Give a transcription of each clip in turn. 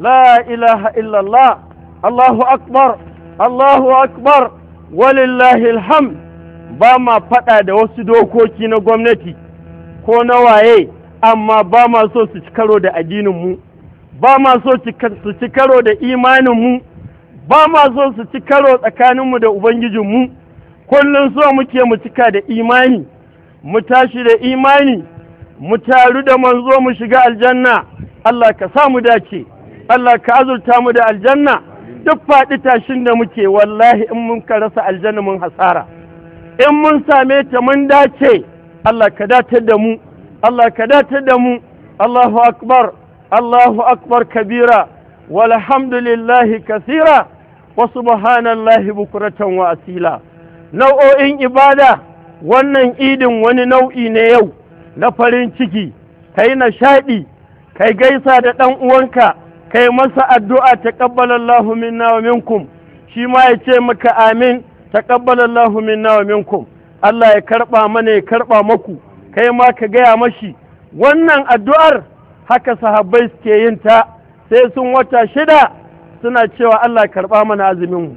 La ilaha illallah, Allahu akbar, Allahu akbar, walillahi ilham! Ba ma faɗa da wasu dokoki na gwamnati ko na waye amma ba ma so su ci karo da addininmu ba ma so su ci karo da imaninmu ba ma so su ci karo tsakaninmu da ubangijinmu kullum so muke mu cika da imani mu tashi da imani mu taru da manzo mu shiga aljanna Allah ka samu dace Allah ka azurta mu da aljanna duk faɗi tashin da muke wallahi in mun ka rasa aljanna mun hasara in mun same ta mun dace Allah ka datar da mu Allah ka datar da mu Allahu akbar Allahu akbar kabira walhamdulillahi kasira wa subhanallahi bukuratan wa asila nau'o'in ibada wannan idin wani nau'i ne yau na farin ciki kai nishaɗi kai gaisa da ɗan uwanka kai masa addu'a ta taqabbalallahu minna nawamin kum shi ma ya ce maka amin taqabbalallahu minna nawamin kum Allah ya karɓa mana ya karɓa maku kai ma ka gaya mashi wannan addu'ar haka sahabbai suke yin ta sai sun wata shida suna cewa Allah karɓa mana azuminmu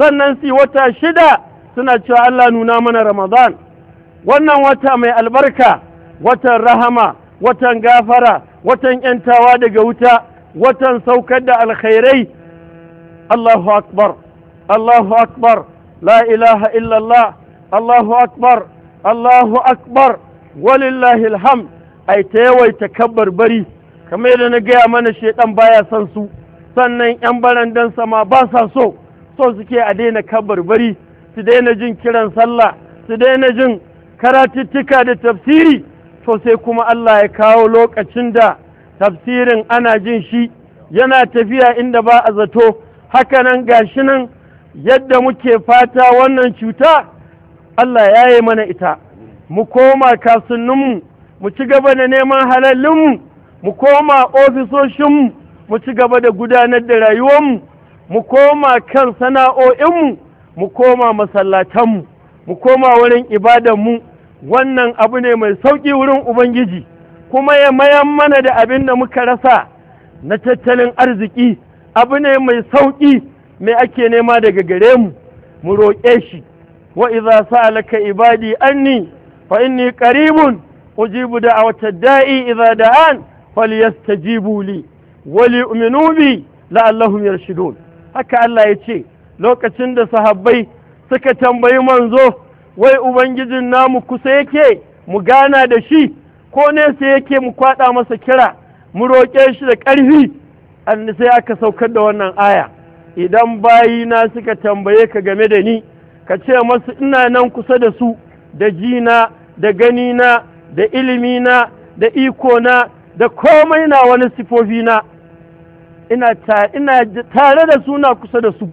sannan su wata shida suna cewa Allah nuna mana Ramadan wannan wata mai albarka watan rahama watan gafara watan ‘yantawa daga wuta watan saukar da alkhairai Allahu akbar Allahu akbar la ilaha illallah Allahu akbar Allahu akbar walillahi alham ai ta yawaita kabbar bari kamar yadda na gaya mana shedan baya son su sannan yan barandan sama ba sa so so suke a daina kabbar bari su daina jin kiran sallah su daina jin karatuttuka da tafsiri to sai kuma Allah ya kawo lokacin da tafsirin ana jin shi yana tafiya inda ba a zato hakanan gashi nan yadda muke fata wannan cuta Allah ya yi mana ita mu koma kasuwanninmu mu ci gaba da neman halallinmu mu koma ofisoshinmu mu ci gaba da gudanar da rayuwarmu mu koma kan sana'o'inmu mu koma masallatanmu mu koma wurin ibadanmu wannan abu ne mai sauƙi wurin ubangiji kuma ya mayan mana da abin da muka rasa na tattalin arziki abu ne mai sauƙi mai ake nema daga gare mu mu roƙe shi wa idza sa'alaka ibadi anni fa inni qaribun ujibu da'wata da'i iza da'an falyastajibu li wa li'minu bi la'allahum yarshudun haka Allah ya ce lokacin da sahabbai suka tambayi manzo wai ubangijin namu kusa yake mu gana da shi ko sai yake mu kwaɗa masa kira mu roƙe shi da ƙarfi an sai aka saukar da wannan aya idan bayina suka tambaye ka game da ni ka ce masu ina nan kusa da su da jina da gani na, da ilimina da ikona da komai na wani sifofina ina tare da su na kusa da su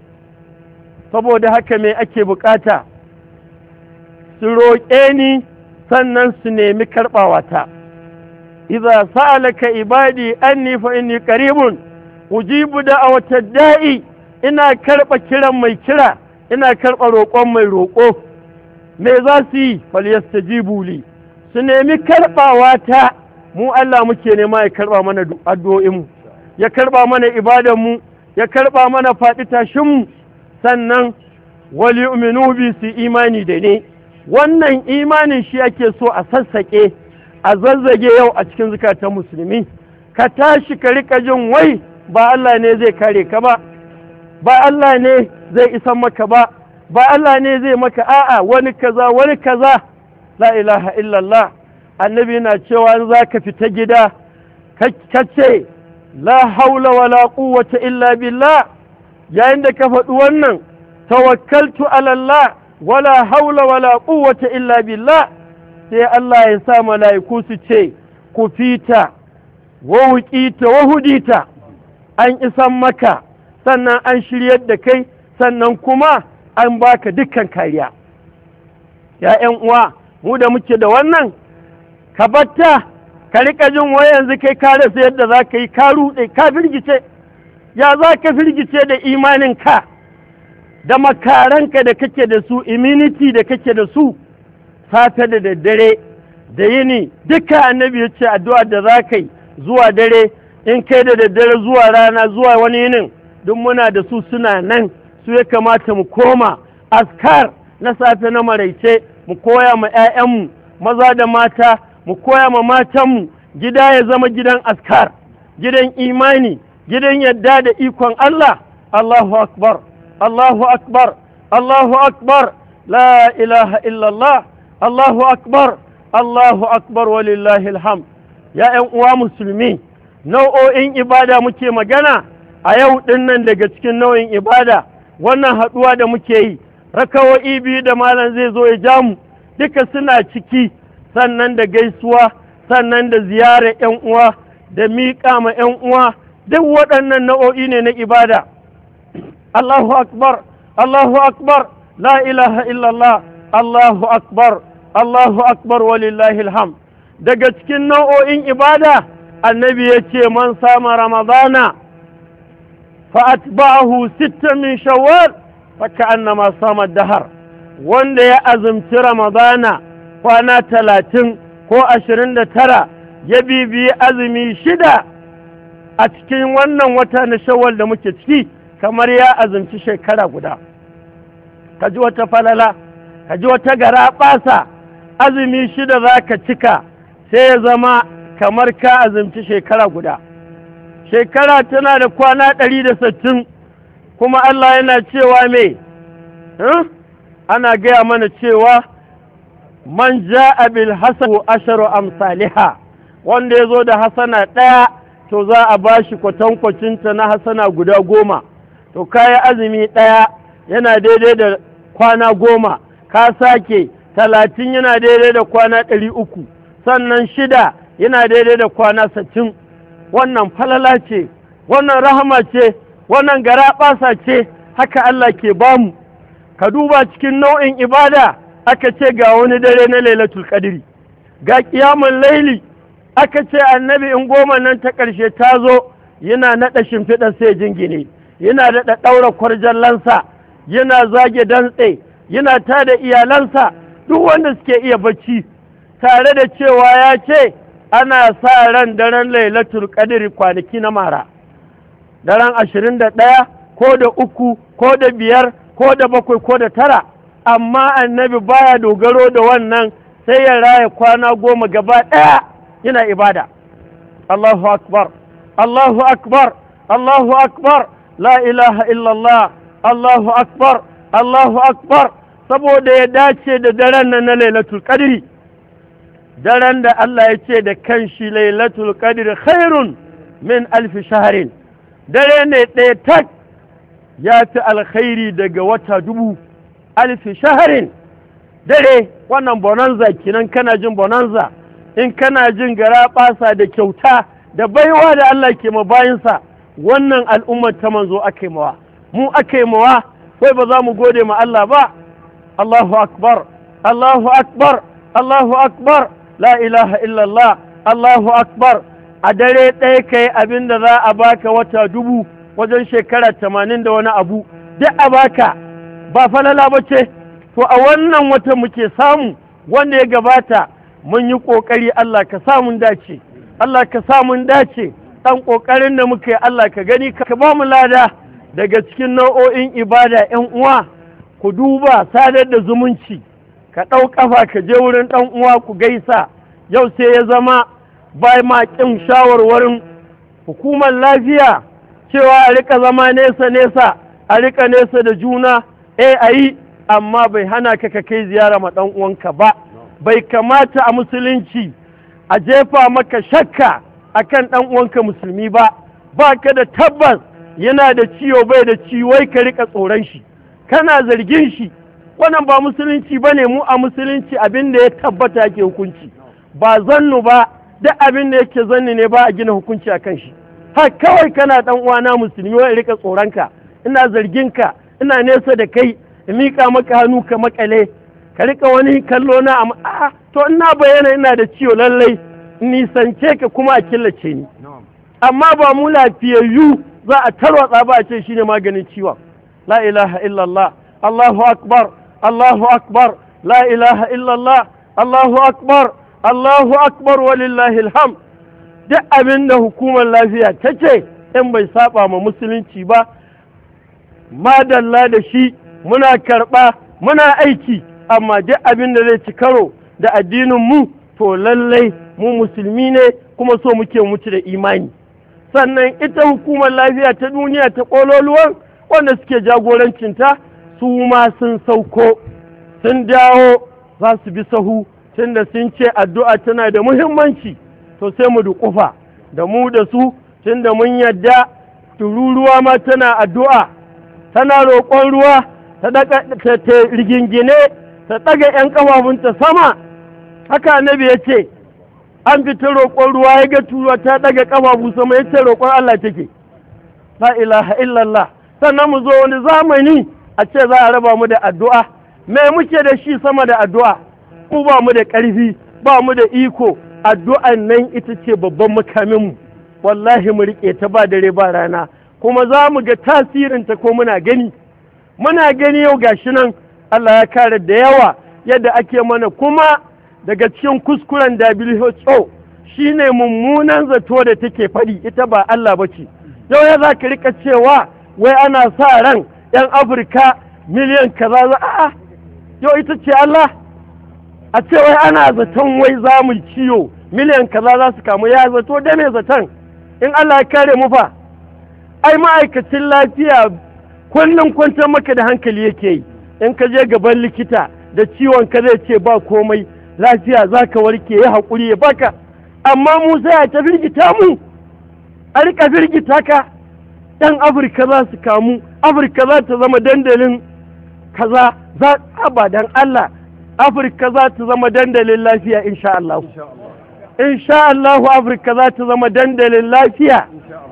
saboda haka mai ake bukata su roƙe ni sannan su nemi karɓawa ta idza sa'alaka ibadi anni fa inni qaribun ujibu wata da'i ina karɓa kiran mai kira ina karɓa roƙon mai roƙo me za su yi ji buli. su nemi karɓawa ta mu Allah muke nema ya karɓa mana addu'o'inmu ya karɓa mana ibadanmu ya karɓa mana faɗi tashinmu sannan wali uminu bi su imani da ne wannan imanin shi yake so a sassaƙe a zazzage yau a cikin zukatan musulmi ka tashi ka rika jin wai ba Allah ne zai kare ka ba ba Allah ne zai isan maka ba ba Allah ne zai maka a'a wani kaza wani kaza la ilaha illallah annabi na cewa za ka fita gida ka ce la haula wala quwwata illa billah yayin da ka faɗi wannan tawakkaltu ala Allah wala haula wala quwwata illa billah sai Allah ya sa mala'iku su ce ku fita wa ta wa ta an isan maka sannan an shiryar da kai sannan kuma an baka dukkan kariya ya 'yan uwa mu da muke da wannan ka batta ka rika jin wa yanzu kai ka rasa yadda za ka yi ka rude ka firgice ya za ka firgice da imanin ka da makaranka da kake da su immunity da kake da su fata da daddare da yini duka annabi ya ce addu'a da za ka yi zuwa dare in kai da daddare zuwa rana zuwa wani yinin duk muna da su suna nan su ya kamata mu koma askar na safe na maraice mu koya ma 'ya'yanmu maza da mata mu koya ma matanmu gida ya zama gidan askar gidan imani gidan yadda da ikon Allah Allahu akbar akbar. أكبر akbar. La ilaha illallah. إلا akbar. الله akbar الله أكبر ham. Ya ƴan uwa musulmi nau'o'in ibada muke magana a yau ɗin nan daga cikin nau'in ibada wannan haɗuwa da muke yi rakawai, biyu da malam zai zo ya ja mu duka suna ciki sannan da gaisuwa sannan da ziyarar 'yan uwa da miƙa ma 'yan uwa duk waɗannan nau'o'i ne na ibada Allahu أكبر Allahu أكبر La ilaha illallah. Allahu akbar Allahu الله أكبر ولله daga cikin nau'o'in ibada annabi ya ce man sama ramadana fa atba'ahu sitta min shawwal fa ka'annama sama dahar wanda ya azumci ramadana kwana talatin ko ashirin da tara ya bibiyi azumi shida a cikin wannan wata na shawwal da muke ciki kamar ya azumci shekara guda ka ji wata falala ka ji wata gara ɓasa azumi shida za ka cika sai ya zama kamar ka azumci shekara guda shekara tana da kwana ɗari da sittin kuma Allah yana cewa me hmm? ana gaya mana cewa man ja bilhassan hasan asharu amsaliha wanda ya zo da hasana ɗaya to za a ba shi kwatankwacinta na hasana guda goma to kayi azumi ɗaya yana daidai da kwana goma ka sake talatin yana daidai da kwana ɗari uku sannan shida yana daidai da kwana sittin wannan falala ce wannan rahama ce wannan gara ɓasa ce haka Allah ke bamu ka duba cikin nau'in ibada aka ce ga wani dare na lailatul kadiri ga kiyamun laili aka ce annabi in goma nan ta ƙarshe ta zo yana naɗa shimfiɗar sai jingine yana da ɗaɗɗaura kwarjallansa yana zage dantse yana ta da iyalansa duk wanda suke iya bacci tare da cewa ya ce ana sa ran daren lailatul qadri kwanaki na mara daren ashirin da ɗaya ko da uku ko da biyar ko da bakwai ko da tara amma annabi baya dogaro da wannan sai ya raya kwana goma gaba ɗaya yana ibada Allahu akbar Allahu akbar Allahu akbar la ilaha illallah Allahu akbar Allahu akbar saboda ya dace da daren nan na lailatul qadri daren da Allah ya ce da kanshi lailatul qadri khairun min alfi shaharin dare ne ɗaya tak ya fi alkhairi daga wata dubu alfi shaharin dare wannan bonanza kinan kana jin bonanza in kana jin gara da kyauta da baiwa da Allah ke ma bayinsa wannan al'ummar ta manzo ake mawa mu ake mawa wai ba za mu gode ma Allah ba Allahu akbar Allahu akbar Allahu akbar la ilaha illallah Allahu akbar a dare ɗaya kai abin da za a baka wata dubu wajen shekara tamanin da wani abu duk a baka ba falala ba ce to a wannan wata muke samu wanda ya gabata mun yi ƙoƙari Allah ka samun dace Allah ka samun dace ɗan ƙoƙarin da muka yi Allah ka gani ka ba mu lada daga cikin nau'o'in ibada 'yan uwa ku duba sadar da zumunci ka ɗau ƙafa ka je wurin ɗan uwa ku gaisa yau sai ya zama bai ma ƙin shawarwarin hukumar lafiya cewa a rika zama nesa nesa a rika nesa da juna eh a yi amma bai hana ka ka kai ziyara ma ɗan uwanka ba bai kamata a musulunci a jefa maka shakka akan ɗan uwanka musulmi ba ba ka da tabbas yana da ciwo bai da ciwai ka rika tsoron shi kana zargin shi wannan ba musulunci ba ne mu a musulunci abin da ya tabbata ke hukunci ba zannu ba duk abin da yake zanni ne ba a gina hukunci a kan shi har kawai kana dan uwana musulmi wai rika tsoron ka ina zargin ka ina nesa da kai in miƙa maka hannu ka makale ka rika wani kallo na a to ina bayyana ina da ciwo lallai nisance ka kuma a killace ni amma ba mu lafiyayyu za a tarwatsa ba a ce shine maganin ciwon la ilaha illallah Allahu akbar Allahu akbar la ilaha illallah Allahu akbar Allahu akbar walillahi alham duk abin da hukumar lafiya ta ce in bai saba ma musulunci ba madalla da shi muna karɓa muna aiki amma duk abin da zai ci karo da addinin mu to lallai mu musulmi ne kuma so muke mutu da imani sannan ita hukumar lafiya ta duniya ta ƙololuwan wanda suke jagorancinta su ma sun sauko sun dawo za su bi sahu tunda sun ce addu'a tana da muhimmanci to sai mu duƙufa da mu da su tunda mun yadda tururuwa ma tana addu'a tana roƙon ruwa ta rigingine ta ɗaga ‘yan ƙafafunta sama haka annabi ya ce an ta roƙon ruwa ya ga turuwa ta ɗaga ƙafafu sama ya ce roƙon Allah take la ilaha illallah sannan mu zo wani zamani a ce za a raba mu da addu'a me muke da shi sama da addu'a ku ba mu da ƙarfi ba mu da iko addu'a nan ita ce babban makamin mu wallahi mu riƙe ta ba dare ba rana kuma za mu ga tasirinta ko muna gani muna gani yau gashi nan Allah ya kare da yawa yadda ake mana kuma daga cikin kuskuren WHO shine mummunan zato da take faɗi ita ba Allah ba ce yau ya za ka rika cewa wai ana sa ran 'yan Afirka miliyan kaza za a yau ita ce Allah a ce wai ana zaton wai za mu ciyo miliyan kaza za su kamu ya zato da mai zaton in Allah ya kare mu fa ai ma'aikacin lafiya kullum kwantar maka da hankali yake yi in ka je gaban likita da ciwon ka zai ce ba komai lafiya za ka warke ya haƙuri ya baka amma musa ya ta firgita mu a rika firgita ka ɗan afirka za su kamu afirka za ta zama dandalin kaza za a ba don allah afirka za ta zama dandalin lafiya insha Allah insha Allah afirka za ta zama dandalin lafiya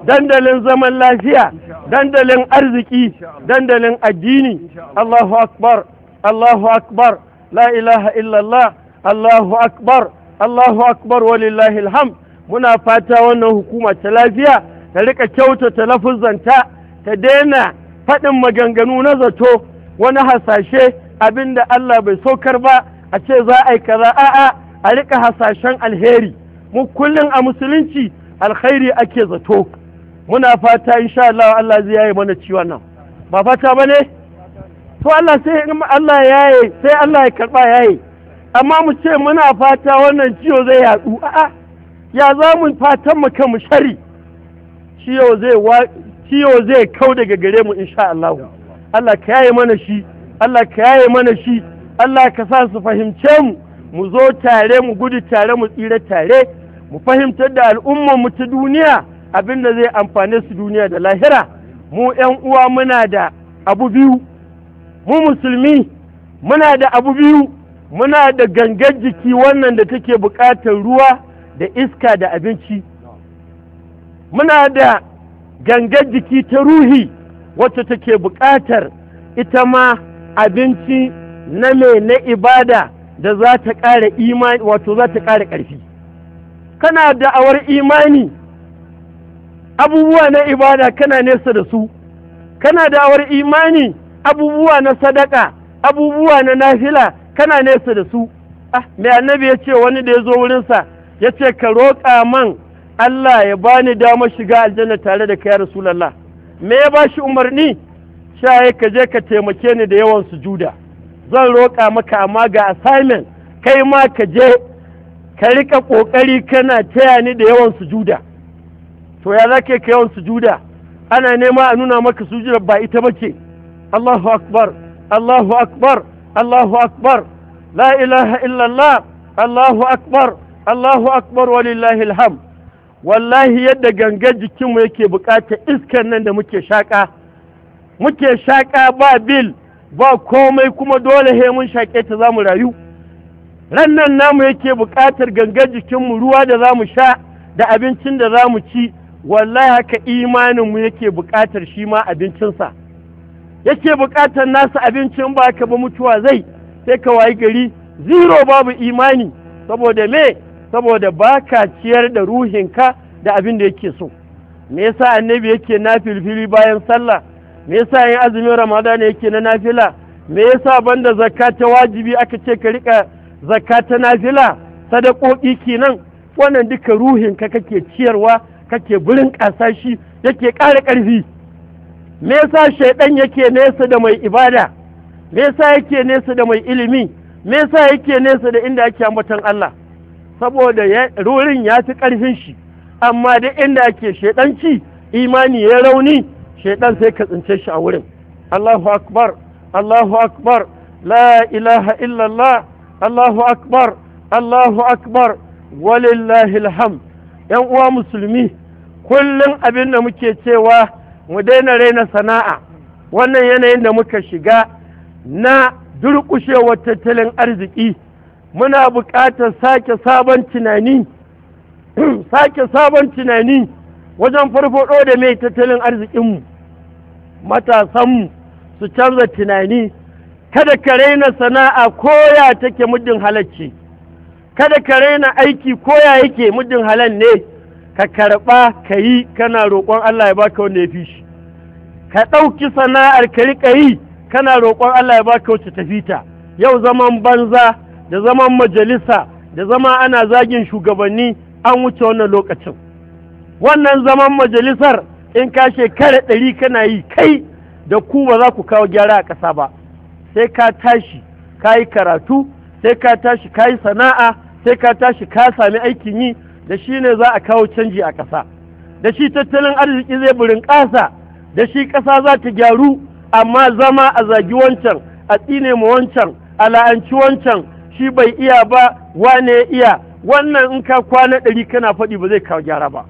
dandalin zaman lafiya dandalin arziki dandalin addini Allahu akbar Allahu akbar la ilaha illallah Allahu akbar Allahu akbar walillahi alham muna fata wannan hukuma ta lafiya ta rika kyautata lafuzanta ta daina faɗin maganganu na zato wani hasashe abinda Allah bai saukar ba a ce za a yi kaza a'a a rika hasashen alheri mu kullum a musulunci alkhairi ake zato muna fata insha Allah Allah zai yaye mana ciwon nan ba fata bane to Allah sai Allah yaye sai Allah ya karba yaye amma mu ce muna fata wannan ciwo zai yaɗu a'a ya za mu fatan mu mu shari ciwo zai ciwo kau daga gare mu insha Allah Allah ka yaye mana shi Allah ka yaye mana shi Allah ka sa su fahimce mu mu zo tare mu gudu tare mu tsira tare mu fahimtar da al'ummar mu ta duniya abin da zai amfane su duniya da lahira mu ƴan uwa muna da abu biyu mu musulmi muna da abu biyu muna da gangar jiki wannan da take buƙatar ruwa da iska da abinci muna da gangar jiki ta ruhi wacce take buƙatar ita ma abinci na mai na ibada da za ta ƙara imani wato za ta ƙara ƙarfi kana da'awar imani abubuwa na ibada kana nesa da su kana da'awar imani abubuwa na sadaka abubuwa na nafila kana nesa da su ah mai annabi ya ce wani da ya zo wurinsa ya ce ka roƙa man Allah ya bani damar shiga aljanna tare da kai rasulallah me ya ba shi umarni sha ya ka je ka taimake ni da yawan sujuda zan roƙa maka amma ga assignment kai ma ka je ka riƙa ƙoƙari kana taya ni da yawan sujuda to ya za ka yawan sujuda ana nema a nuna maka sujuda ba ita ba ce Allahu akbar Allahu akbar الله أكبر لا إله إلا الله wallahi yadda gangan jikinmu yake bukatar iskar nan da muke shaƙa muke shaƙa ba bil ba komai kuma dole he mun shaƙe ta za mu rayu rannan namu yake buƙatar gangan jikinmu ruwa da za mu sha da abincin da za mu ci wallahi haka imaninmu yake buƙatar shi ma abincinsa yake buƙatar nasa abincin ba ka ba mutuwa zai sai ka wayi gari zero babu imani saboda me saboda ba ka ciyar da ruhinka da abin da yake so me yasa annabi yake nafilfili fili bayan sallah me yasa yin azumin ramadana yake na nafila me yasa banda zakka ta wajibi aka ce ka rika zakka ta nafila sadakoki kenan wannan duka ruhinka kake ciyarwa kake burin kasashi shi yake ƙara ƙarfi me yasa shaidan yake nesa da mai ibada me yasa yake nesa da mai ilimi me yasa yake nesa da inda ake ambaton Allah saboda rurin ya fi karfin shi amma da inda ake shaidanci imani ya rauni shaidan sai ka tsince shi a wurin Allahu akbar Allahu akbar la ilaha illallah Allahu akbar Allahu akbar walillahil hamd yan uwa musulmi kullum abin da muke cewa mu daina raina sana'a wannan yanayin da muka shiga na durƙushewar tattalin arziki muna buƙatar sake sabon tunani sake sabon tunani wajen farfaɗo da mai tattalin arzikinmu matasanmu su canza tunani kada ka raina sana'a koya take muddin halacci kada ka raina aiki koya yake muddin halal ne ka karɓa ka yi kana roƙon Allah ya baka wanda ya fi shi ka ɗauki sana'ar ka riƙa yi kana roƙon Allah ya baka wacce tafi ta yau zaman banza da zaman majalisa da zama ana zagin shugabanni an wuce wannan lokacin wannan zaman majalisar in ka shekara ɗari kana yi kai da ku ba za ku kawo gyara a ƙasa ba sai ka tashi ka yi karatu sai ka tashi ka yi sana'a sai ka tashi ka sami aikin yi da shi ne za a kawo canji a ƙasa da shi tattalin arziki zai burin ƙasa da shi ƙasa za ta gyaru amma zama a zagi wancan a tsine mu wancan a la'anci wancan shi bai iya ba wane ya iya wannan in ka kwana ɗari kana faɗi ba zai kawo gyara ba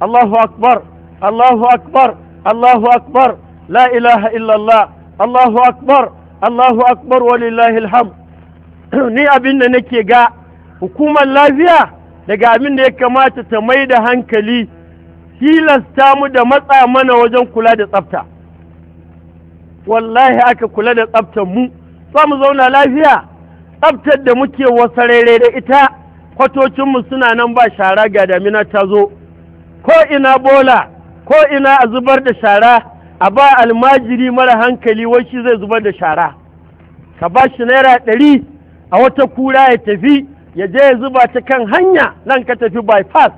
Allahu akbar Allahu akbar Allahu akbar la ilaha illallah Allahu akbar Allahu akbar walillahi alham ni abin da nake ga hukumar lafiya daga abin da ya kamata ta mai da hankali tilasta mu da matsa mana wajen kula da tsafta wallahi aka kula da tsaftar mu za mu zauna lafiya tsaftar da muke wasarere da ita kwatocinmu suna nan ba shara ga damina ta zo ko ina bola ko ina a zubar da shara a ba almajiri mara hankali wai shi zai zubar da shara ka ba shi naira ɗari a wata kura ya tafi ya je ya zuba ta kan hanya nan ka tafi bypass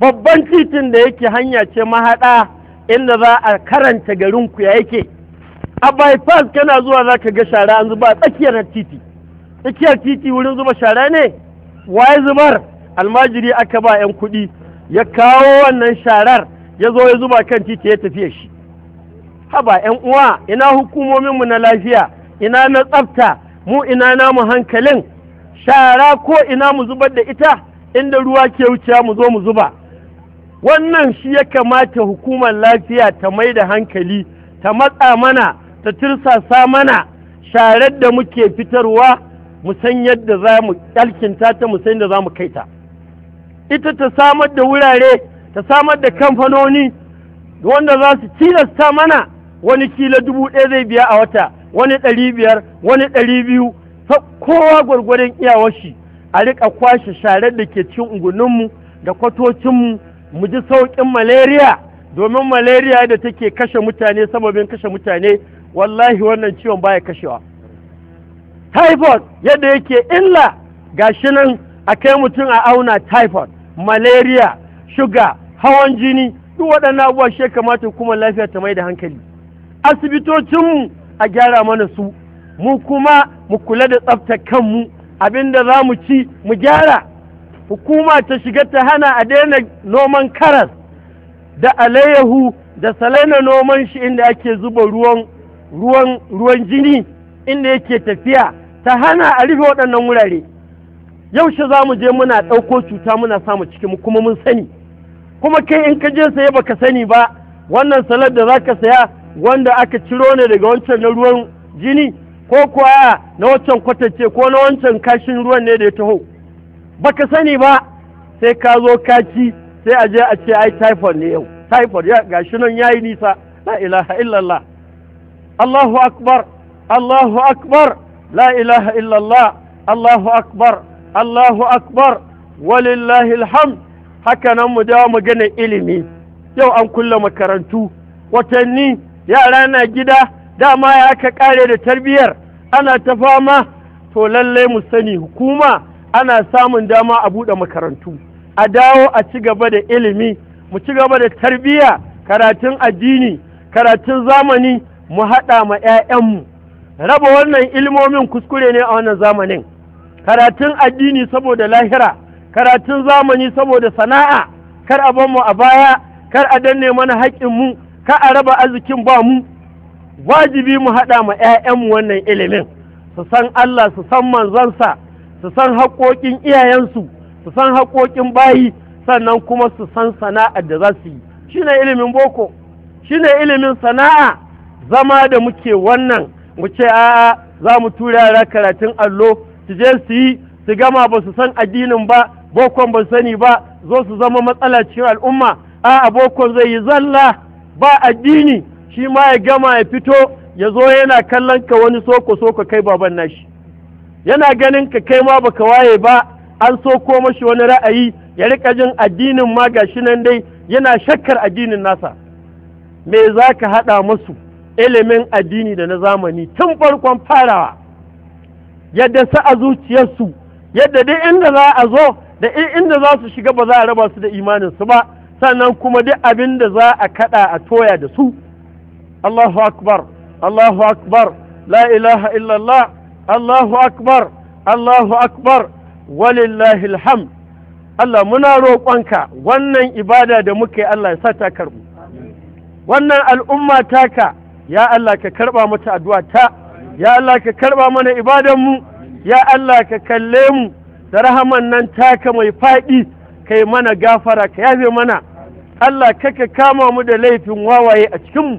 babban titin da yake hanya ce mahaɗa inda za a karanta garin ku ya yake a bypass kana zuwa za ka ga shara an zuba tsakiyar titi tsakiyar titi wurin zuba shara ne waye zubar almajiri aka ba 'yan kuɗi ya kawo wannan sharar ya zo ya zuba kan titi ya tafiya shi haba 'yan uwa ina hukumominmu na lafiya ina na tsafta mu ina namu hankalin shara ko ina mu zubar da ita inda ruwa ke wucewa mu zo mu zuba wannan shi ya kamata hukumar lafiya ta mai da hankali ta matsa mana ta tirsasa mana sharar da muke fitarwa mu san yadda za mu ƙyalkinta ta mu san da za mu kaita ita ta samar da wurare ta samar da kamfanoni wanda za su tilasta mana wani kila dubu ɗaya zai biya a wata wani ɗari biyar wani ɗari biyu kowa iyawar shi a riƙa kwashe sharar da ke cin unguninmu da kwatocinmu mu ji sauƙin malaria domin malaria da take kashe mutane sababin kashe mutane wallahi wannan ciwon baya kashewa typhoid yadda yake illa ga shi nan a kai mutum a auna typhoid malaria shuga hawan jini duk waɗannan abubuwa shi kamata kuma lafiya ta mai da hankali asibitocinmu a gyara mana su mu kuma mu kula da tsaftar kanmu abinda za mu ci mu gyara hukuma ta shiga ta hana a daina noman karas da alayyahu da salaina noman shi inda ake zuba ruwan ruwan ruwan jini inda yake tafiya ta hana a rufe waɗannan wurare yaushe za mu je muna ɗauko cuta muna samu cikin kuma mun sani kuma kai in ka je saye baka sani ba wannan salad da za ka saya wanda aka ciro ne daga wancan na ruwan jini ko kuwa na waccan kwatance ko na wancan kashin ruwan ne da ya taho ka sani ba sai ka zo kaci sai a je a ce ai typhoid ne yau typhoid ya shi nan yayi nisa la ilaha illallah Allahu akbar Allahu akbar la ilaha illallah Allahu akbar Allahu akbar walillahi alhamd haka nan mu dawo magana ilimi yau an kulle makarantu watanni yara na gida dama ya ka kare da tarbiyar ana ta fama to lallai mu sani hukuma ana samun dama a buɗe makarantu a dawo a ci gaba da ilimi mu ci gaba da tarbiyya karatun addini karatun zamani mu haɗa ma 'ya'yanmu raba wannan ilmomin kuskure ne a wannan zamanin karatun addini saboda lahira karatun zamani saboda sana'a kar a mu a baya kar a danne mana haƙƙinmu kar a raba arzikin ba mu wajibi mu haɗa ma 'ya'yanmu wannan ilimin su san Allah su san manzansa su san haƙoƙin iyayensu su san haƙoƙin bayi sannan kuma su san sana'a da za su yi ne ilimin boko ne ilimin sana'a zama da muke wannan mu ce a'a za mu tura yara karatun allo su je su yi su gama ba su san addinin ba bokon ba sani ba zo su zama matsala cikin al'umma a'a bokon zai yi zalla ba addini shi ma ya gama ya fito ya zo yana kallon ka wani soko soko kai baban nashi yana ganin ka kai ma baka waye ba an so ko mashi wani ra'ayi ya rika jin addinin ma gashi nan dai yana shakkar addinin nasa me za ka haɗa masu ilimin addini da na zamani tun farkon farawa yadda sa a zuciyarsu yadda dai inda za a zo da inda za su shiga ba za a raba su da imaninsu ba sannan kuma duk abin da za a kaɗa a toya da su الله أكبر الله أكبر لا إله إلا الله الله أكبر الله أكبر ولله الحمد Allah muna roƙonka wannan ibada da muke Allah ya sa ta karbu wannan al'umma taka ya Allah ka karɓa mata addu'a ta ya Allah ka karɓa mana mu. ya Allah ka kalle mu da rahaman nan taka mai faɗi kai mana gafara ka yafe mana Allah ka kama mu da laifin wawaye a cikinmu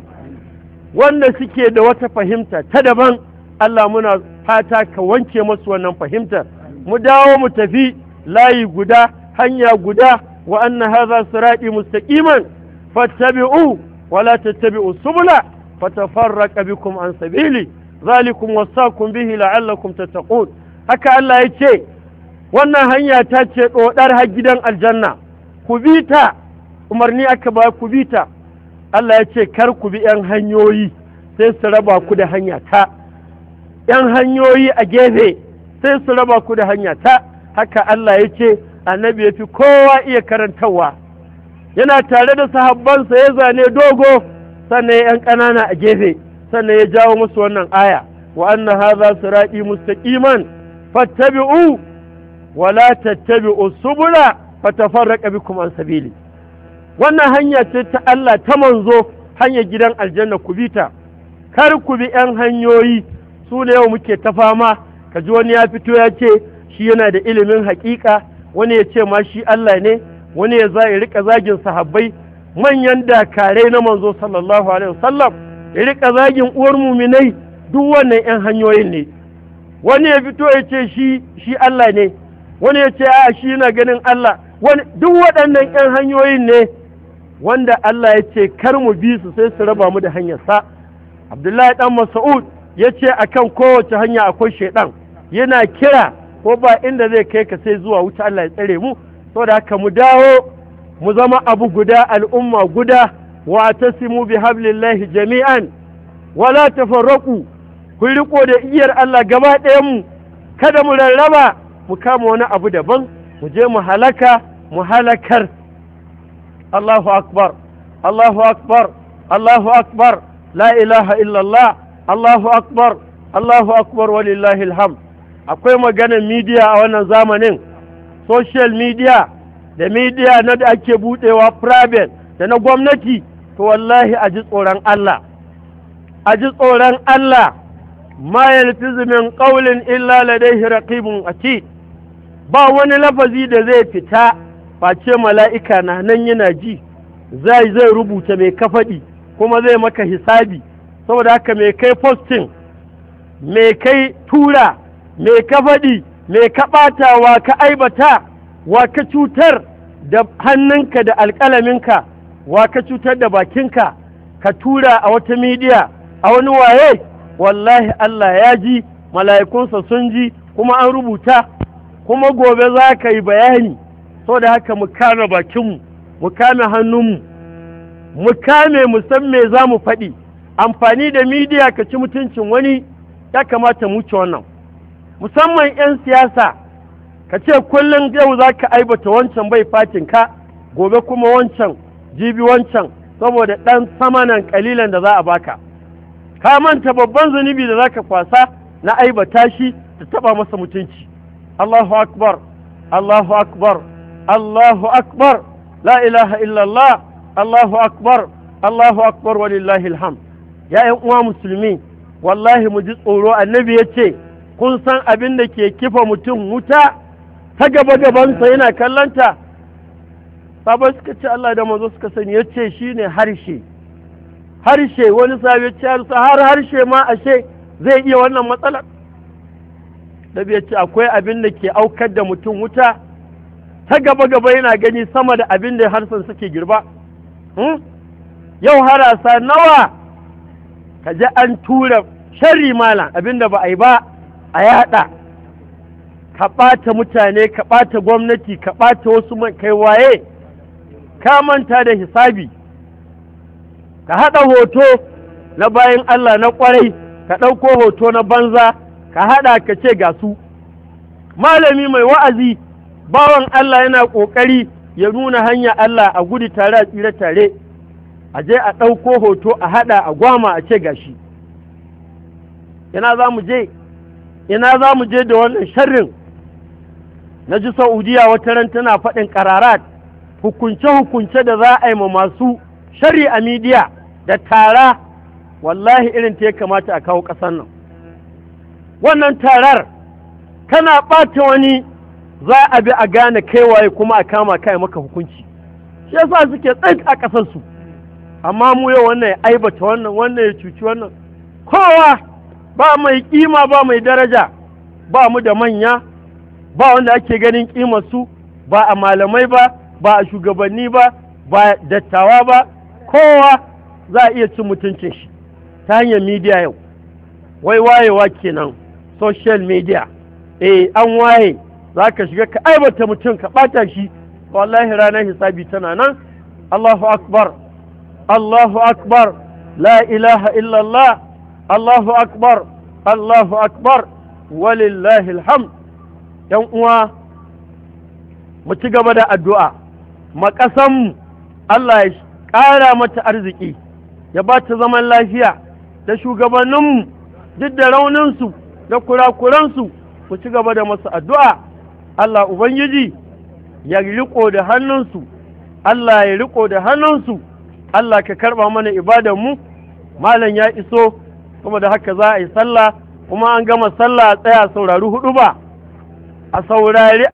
wanda suke da wata fahimta ta daban Allah muna fata ka wanke masu wannan fahimtar mu dawo mu tafi layi guda hanya guda wa anna hadha sirati mustaqiman fattabi'u wa la tattabi'u subula fatafarraqa bikum an sabili zalikum wasaqum bihi la'allakum tattaqun haka Allah ya ce wannan hanya ta ce dodar har gidan aljanna ku bi ta umarni aka ba ku bi ta Allah ya ce kar ku bi 'yan hanyoyi sai su raba ku da hanya ta 'yan hanyoyi a gefe sai su raba ku da hanya ta haka Allah ya ce annabi ya fi kowa iya karantarwa yana tare da sahabbansa ya zane dogo sannan yan ƙanana a gefe sannan ya jawo musu wannan aya wa anna hadha sirati mustaqiman fattabi'u wala tattabi'u subula fatafarraqa bikum an sabili wannan hanya ce ta Allah ta manzo hanyar gidan aljanna ku bi ta kar ku bi 'yan hanyoyi su ne yau muke ta fama ka ji wani ya fito ya ce shi yana da ilimin haƙiƙa wani ya ce ma shi Allah ne wani ya zai rika zagin sahabbai manyan dakarai na manzo sallallahu alaihi wasallam ya rika zagin uwar muminai duk wannan ƴan hanyoyin ne wani ya fito ya ce shi shi Allah ne wani ya ce a shi yana ganin Allah wani duk waɗannan ƴan hanyoyin ne wanda Allah ya ce kar mu bi su sai su raba mu da hanyarsa. Abdullahi dan Mas'ud ya ce akan kowace hanya akwai shaidan yana kira ko ba inda zai kai ka sai zuwa wuta Allah ya tsare mu saboda haka mu dawo mu zama abu guda al'umma guda wa tasimu bi hablillahi jami'an wala tafarraqu ku riko da iyar Allah gaba ɗayan mu kada mu rarraba mu kama wani abu daban mu je mu halaka mu halakar Allahu akbar Allahu akbar Allahu akbar La ilaha illallah. Allahu akbar Allahu akbar أكبر ولله akwai maganar midiya a wannan zamanin social media da midiya na da ake budewa private da na gwamnati to wallahi a ji tsoron Allah a ji tsoron Allah ma yalfizu min qawlin illa ladayhi raqibun atid ba wani lafazi da zai fita face mala'ika na nan yana ji zai zai rubuta mai kafaɗi kuma zai maka hisabi saboda haka mai kai postin mai kai tura mai kafaɗi mai kaɓata wa ka aibata wa ka cutar da hannunka da alƙalaminka wa ka cutar da bakinka ka tura a wata midiya a wani waye wallahi Allah ya ji mala'ikunsa sun ji kuma an rubuta kuma gobe za ka yi bayani so da haka mu kame bakinmu mu kame hannunmu mu kame mu san me za mu faɗi amfani da midiya ka ci mutuncin wani ya kamata mu ci wannan musamman 'yan siyasa ka ce kullum yau za ka aibata wancan bai fatin ka gobe kuma wancan jibi wancan saboda ɗan samanan kalilan da za a baka ka manta babban zunubi da za ka kwasa na aibata shi ta taɓa masa mutunci Allahu akbar Allahu akbar Allahu akbar la ilaha illallah Allahu akbar Allahu akbar walillahi alham ya yan uwa musulmi wallahi mu ji tsoro annabi ya ce kun san abin da ke kifa mutum wuta ta gaba gabansa yana kallanta sabon suka ce Allah da manzo suka sani ya ce shine harshe harshe wani sabi ce har harshe ma ashe zai iya wannan matsalar da ya ce akwai abin da ke aukar da mutum wuta ta gaba gaba yana gani sama da abin da harsun suke girba hmm? yau harasa nawa ka ji an tura shari mala abin da ba a yi ba a yada ka ɓata mutane ka ɓata gwamnati ka ɓata wasu kai waye ka manta da hisabi ka haɗa hoto na bayan Allah na ƙwarai ka ɗauko hoto na banza ka haɗa ka ce ga su malami mai wa'azi bawan Allah yana ƙoƙari ya nuna hanya Allah a gudu tare a tsira tare a je a ɗauko hoto a haɗa a gwama a ce gashi ina za mu je da wannan sharrin na ji saudiya wata ran tana faɗin ƙararat hukunce-hukunce da za a yi ma masu shari a midiya da tara wallahi irin ta ya kamata a kawo ƙasar nan wannan tarar kana ɓata wani za a bi a gane kaiwaye kuma a kama kai maka hukunci shi yasa suke tsaik a ƙasar su amma mu yau wannan ya aibata wannan wannan ya cuci wannan kowa ba mai kima ba mai daraja ba mu da manya ba wanda ake ganin kimar su ba a malamai ba ba a shugabanni ba ba dattawa ba kowa za a iya cin mutuncin shi ta hanyar midiya yau wai wayewa kenan social media eh an waye za ka shiga ka aibata mutum ka ɓata shi wallahi ranar hisabi tana nan Allahu akbar Allahu akbar la ilaha illallah Allahu akbar Allahu akbar walillahi alhamd yan uwa mu ci gaba da addu'a makasanmu Allah ya ƙara mata arziki ya ba ta zaman lafiya da shugabanninmu duk da rauninsu da kurakuransu ku ci gaba da masu addu'a Allah Ubangiji ya riƙo da hannunsu Allah ya riƙo da hannunsu Allah ka karɓa mana ibadanmu, malam ya iso kuma da haka za a yi sallah kuma an gama sallah a tsaya saurari hudu ba a saurari